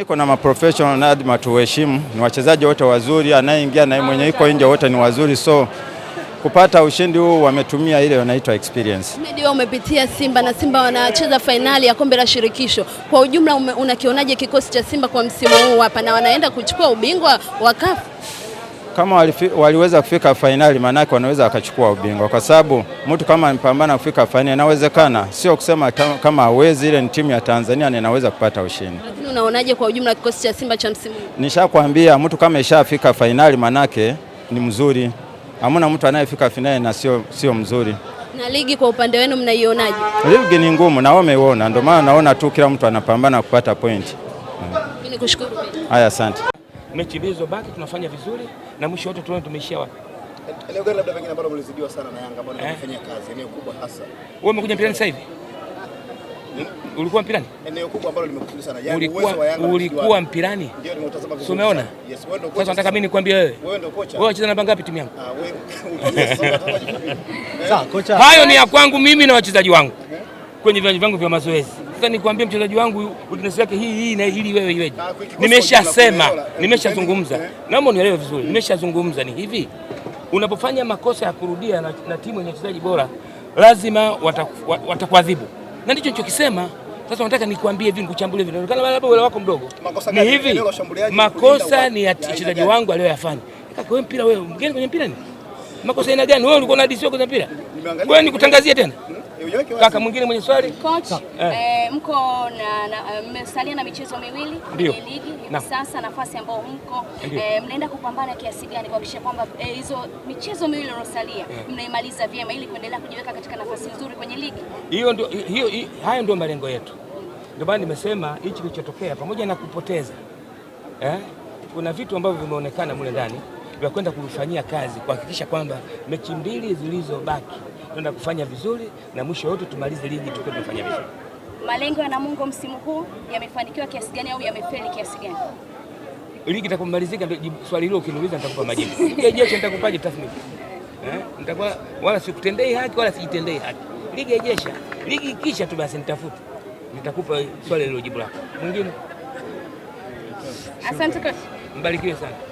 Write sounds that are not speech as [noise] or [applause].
Iko na maprofessional lazima tuheshimu, ni wachezaji wote wazuri, anayeingia na mwenye iko nje wote ni wazuri, so kupata ushindi huu wametumia ile wanaitwa experience. Ndio umepitia Simba na Simba wanacheza fainali ya kombe la shirikisho. Kwa ujumla, unakionaje kikosi cha Simba kwa msimu huu hapa, na wanaenda kuchukua ubingwa wa kafu kama walifi, waliweza kufika fainali, maanake wanaweza wakachukua ubingwa, kwa sababu mtu kama anapambana kufika fainali inawezekana, sio kusema kama hawezi. Ile ni timu ya Tanzania na inaweza kupata ushindi. Lakini unaonaje kwa ujumla kikosi cha Simba cha msimu huu? Nishakwambia mtu kama ishafika fainali maanake ni mzuri, hamuna mtu anayefika fainali na sio, sio mzuri. Na ligi kwa upande wenu mnaionaje? Ligi ni ngumu na wao ndio maana naona tu kila mtu anapambana kupata pointi. Mimi nikushukuru. Haya, asante mechi mbili zilizobaki tunafanya vizuri na mwisho wote tuone tumeishia wapi. Eneo gani labda pengine ambalo mlizidiwa sana na Yanga ambao wanafanya eh? kazi eneo kubwa hasa. Wewe umekuja mpirani sasa hivi? Hmm? Ulikuwa mpirani? Eneo kubwa ambalo limekufundisha sana Yanga uwezo wa Yanga. Ulikuwa mpirani? Ndio nimeutazama vizuri. Umeona? Yes, wewe ndio kocha. Sasa nataka mimi nikwambie wewe. Wewe ndio kocha. Wewe wacheza namba ngapi timu yangu? Ah, wewe. unacheza [laughs] Sasa kocha. Hayo ni ya kwangu mimi na wachezaji wangu. Hmm? Kwenye viwanja vyangu vya mazoezi nataka nikwambie mchezaji wangu weakness yake hii hii na hili, wewe iweje? Nimeshasema, ah, nimeshazungumza, eh, eh, eh. naomba unielewe vizuri. Nimeshazungumza ni hivi, unapofanya makosa ya kurudia na, na timu yenye wachezaji bora lazima watakuadhibu wata, na ndicho nichokisema. Sasa nataka nikwambie hivi, nikuchambulie hivi, kana labda wewe wako mdogo. Ni hivi, makosa ni ya mchezaji wangu aliyoyafanya. Kaka wewe, mpira wewe mgeni kwenye mpira ni makosa aina gani? Wewe ulikuwa na DC kwenye mpira, wewe nikutangazie tena hmm? Kaka mwingine mwenye swali coach, eh, eh, mko na, na eh, mmesalia na michezo miwili kwenye ligi hivi sasa, nafasi ambayo mko eh, mnaenda kupambana kiasi gani kuhakikisha kwamba eh, hizo eh, michezo miwili iliyosalia mnaimaliza vyema ili kuendelea kujiweka katika nafasi nzuri kwenye ligi hiyo? Ndio hiyo, hayo ndio malengo yetu. Ndio maana nimesema hichi kilichotokea pamoja na kupoteza eh, kuna vitu ambavyo vimeonekana mule ndani vya kwenda kufanyia kazi kuhakikisha kwamba mechi mbili zilizobaki tunaenda kufanya vizuri na mwisho wote tumalize ligi tukiwa tumefanya vizuri. Malengo ya Namungo msimu huu yamefanikiwa kiasi gani au yamefeli kiasi gani? Ligi itakapomalizika ndio swali hilo ukiniuliza nitakupa majibu. je, nitakupaje tathmini? Eh, nitakuwa wala sikutendei haki wala sijitendei haki. Ligi ijesha. Ligi kisha tu basi nitafuta. Nitakupa swali hilo jibu lako. Mwingine? Asante kwa. Mbarikiwe sana.